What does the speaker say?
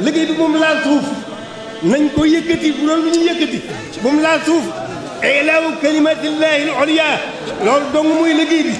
liggéey bi moom laal suuf nañ ko yëkkati bu loolu lu ñuy yëkkati moom laal suuf ilaawu kalimatillahi al-ulya loolu dong muy liggéey bi